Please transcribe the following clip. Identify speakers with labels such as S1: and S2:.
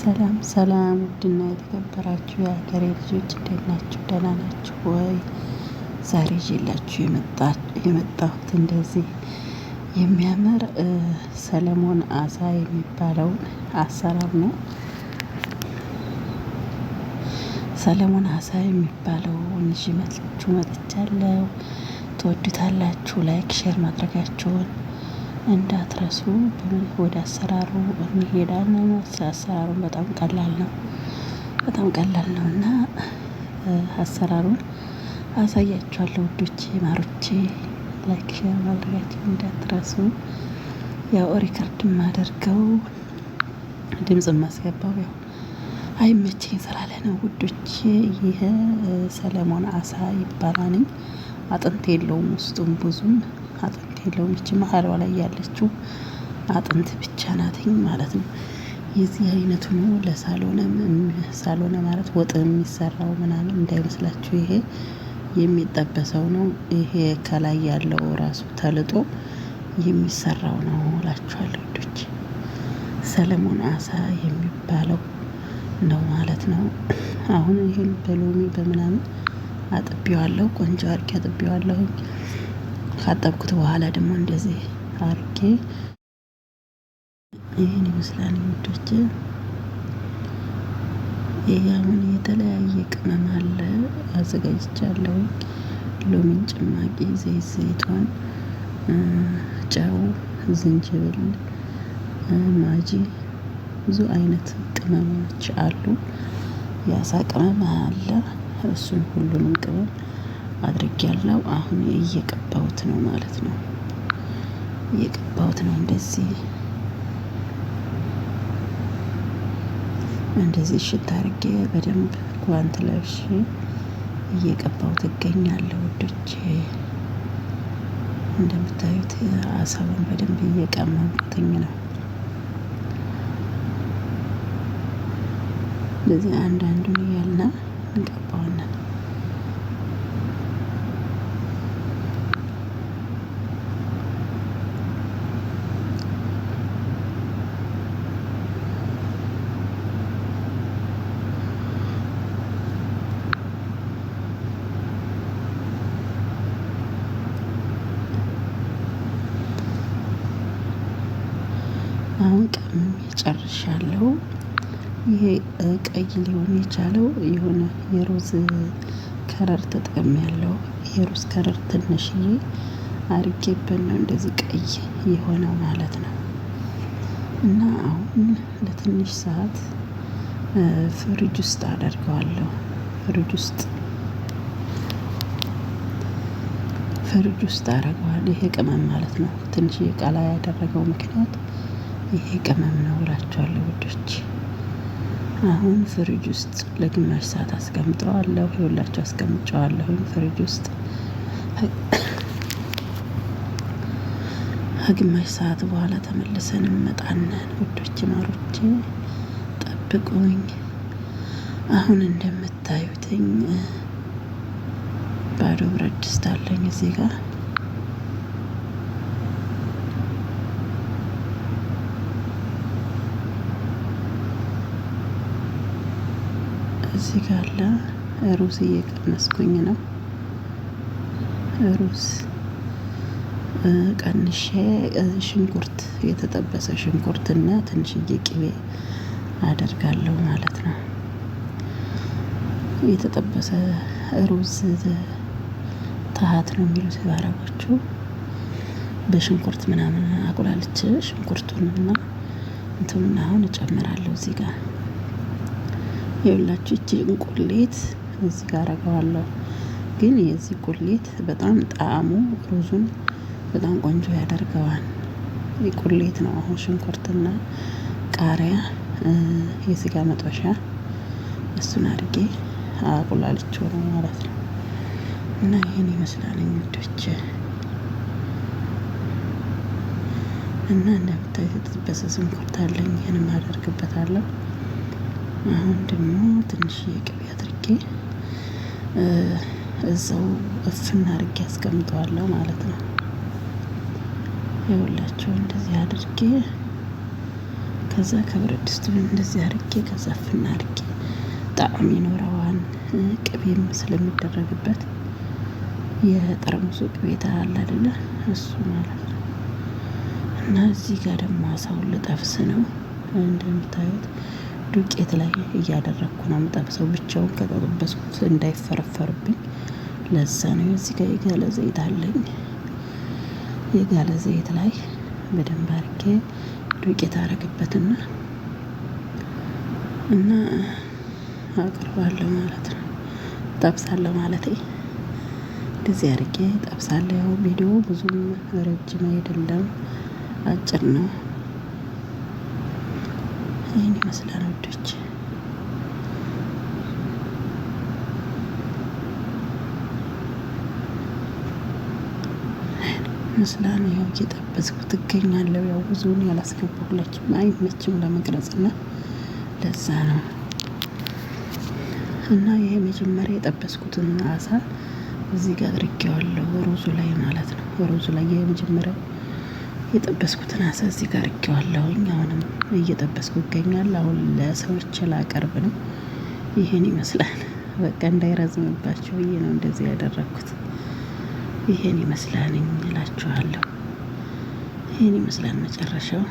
S1: ሰላም ሰላም ውድና የተከበራችሁ የሀገሬ ልጆች እንዴት ናችሁ? ደህና ናችሁ ወይ? ዛሬ ይዤላችሁ የመጣሁት እንደዚህ የሚያምር ሰለሞን አሳ የሚባለውን አሰራር ነው። ሰለሞን አሳ የሚባለውን ይዤላችሁ መጥቻለሁ። ትወዱታላችሁ። ላይክ ሼር ማድረጋችሁን እንዳትረሱ ወደ አሰራሩ እንሄዳለን። አሰራሩን በጣም ቀላል ነው፣ በጣም ቀላል ነው እና አሰራሩን አሳያችኋለሁ ውዶቼ ማሮቼ። ላይክ ሼር ማድረጋችሁን እንዳትረሱ። ያው ሪከርድ ማደርገው ድምጽ ማስገባው ያው አይመቸኝ ስላለ ነው ውዶቼ። ይህ ሰለሞን አሳ ይባላልኝ። አጥንት የለውም ውስጡም ብዙም አጥንት የለውም። ይቺ መሀሏ ላይ ያለችው አጥንት ብቻ ናትኝ ማለት ነው። የዚህ አይነቱ ነው ለሳሎነ ሳሎነ ማለት ወጥ የሚሰራው ምናምን እንዳይመስላችሁ ይሄ የሚጠበሰው ነው። ይሄ ከላይ ያለው ራሱ ተልጦ የሚሰራው ነው እላችኋለሁ። ልጆች ሰለሞን አሳ የሚባለው ነው ማለት ነው። አሁን ይህን በሎሚ በምናምን አጥቢዋለሁ፣ ቆንጆ አድርጌ አጥቢዋለሁኝ። ካጠብኩት በኋላ ደግሞ እንደዚህ አርጌ ይህን ይመስላል ውዶች። ይህ አሁን የተለያየ ቅመም አለ አዘጋጅቻለሁ። ሎሚን ጭማቂ፣ ዘይት ዘይቷን፣ ጨው፣ ዝንጅብል፣ ማጂ ብዙ አይነት ቅመሞች አሉ። የአሳ ቅመም አለ። እሱን ሁሉንም ቅመም አድርግ ያለው አሁን እየቀባሁት ነው ማለት ነው። እየቀባሁት ነው እንደዚህ እንደዚህ ሽት አድርጌ በደንብ ጓንት ለብሼ እየቀባሁት እገኛለሁ ውዶቼ። እንደምታዩት አሳቡን በደንብ እየቀመምኩትኝ ነው። እንደዚህ አንዳንዱን እያልና እንቀባዋለን። አሁን ቀምሜ ጨርሻለሁ። ይሄ ቀይ ሊሆን የቻለው የሆነ የሮዝ ከረር ያለው የሮዝ ከረር ትንሽዬ አድርጌበት ነው እንደዚህ ቀይ የሆነው ማለት ነው። እና አሁን ለትንሽ ሰዓት ፍሪጅ ውስጥ አደርገዋለሁ። ፍሪጅ ውስጥ ፍሪጅ ውስጥ አደርገዋለሁ ይሄ ቅመም ማለት ነው። ትንሽዬ ቃላ ያደረገው ምክንያት ይሄ ቅመም ነው እላቸዋለሁ ውዶች። አሁን ፍሪጅ ውስጥ ለግማሽ ሰዓት አስቀምጠዋለሁ። ይኸውላችሁ አስቀምጨዋለሁ ፍሪጅ ውስጥ ከግማሽ ሰዓት በኋላ ተመልሰን እንመጣለን ውዶች ማሮች፣ ጠብቁኝ። አሁን እንደምታዩትኝ ባዶ ብረት ድስት አለኝ እዚህ ጋር እዚህ ጋር አለ ሩዝ እየቀነስኩኝ ነው። ሩዝ ቀንሼ ሽንኩርት የተጠበሰ ሽንኩርት እና ትንሽዬ ቅቤ አደርጋለሁ ማለት ነው። የተጠበሰ ሩዝ ታሀት ነው የሚሉት አረቦቹ። በሽንኩርት ምናምን አቁላልቼ ሽንኩርቱንና እንትኑን አሁን እጨምራለሁ እዚህ ጋር ይኸውላችሁ እቺን ቁሌት እዚህ ጋር አረገዋለሁ። ግን የዚህ ቁሌት በጣም ጣዕሙ ሩዙን በጣም ቆንጆ ያደርገዋል። ቁሌት ነው። አሁን ሽንኩርትና ቃሪያ የስጋ መጥበሻ እሱን አድርጌ አቁላልቼው ነው ማለት ነው። እና ይህን ይመስላል እንግዶች እና እንደምታዩት የተጠበሰ ሽንኩርት አለኝ። ይህንም አደርግበታለሁ። አሁን ደግሞ ትንሽ የቅቤ አድርጌ እዛው እፍና አድርጌ አስቀምጠዋለሁ ማለት ነው። የሁላቸው እንደዚህ አድርጌ ከዛ ከብረት ድስቱ እንደዚህ አድርጌ ከዛ እፍና አድርጌ ጣዕም ይኖረዋን ቅቤም ስለሚደረግበት የጠርሙሱ ቅቤ ታል አይደለ እሱ ማለት ነው። እና እዚህ ጋር ደግሞ አሳውን ልጠብስ ነው እንደምታዩት ዱቄት ላይ እያደረግኩ ነው የምጠብሰው። ብቻውን ከጠበስኩት እንዳይፈረፈርብኝ ለዛ ነው። እዚህ ጋር የጋለ ዘይት አለኝ። የጋለ ዘይት ላይ በደንብ አርጌ ዱቄት አረግበትና እና አቅርባለሁ ማለት ነው። ጠብሳለሁ ማለት እንደዚህ አርጌ ጠብሳለሁ። ያው ቪዲዮ ብዙም ረጅም አይደለም፣ አጭር ነው። ይህን ይመስላል ውዶች። ይመስላል ያው እየጠበስኩ ትገኛለሁ። ያው ብዙውን ያላስገባሁላችሁ አይመችም ለመቅረጽ እና ለዛ ነው እና ይህ መጀመሪያ የጠበስኩትን አሳ እዚህ ጋር አድርጌዋለሁ ሩዙ ላይ ማለት ነው። ሩዙ ላይ የመጀመሪያው የጠበስኩትን አሳ እዚህ ጋር እቄዋለሁኝ። አሁንም እየጠበስኩ ይገኛል። አሁን ለሰዎች ላቀርብ ነው። ይህን ይመስላል። በቃ እንዳይረዝምባቸው ብዬ ነው እንደዚህ ያደረግኩት። ይህን ይመስላል እላችኋለሁ። ይህን ይመስላል መጨረሻው።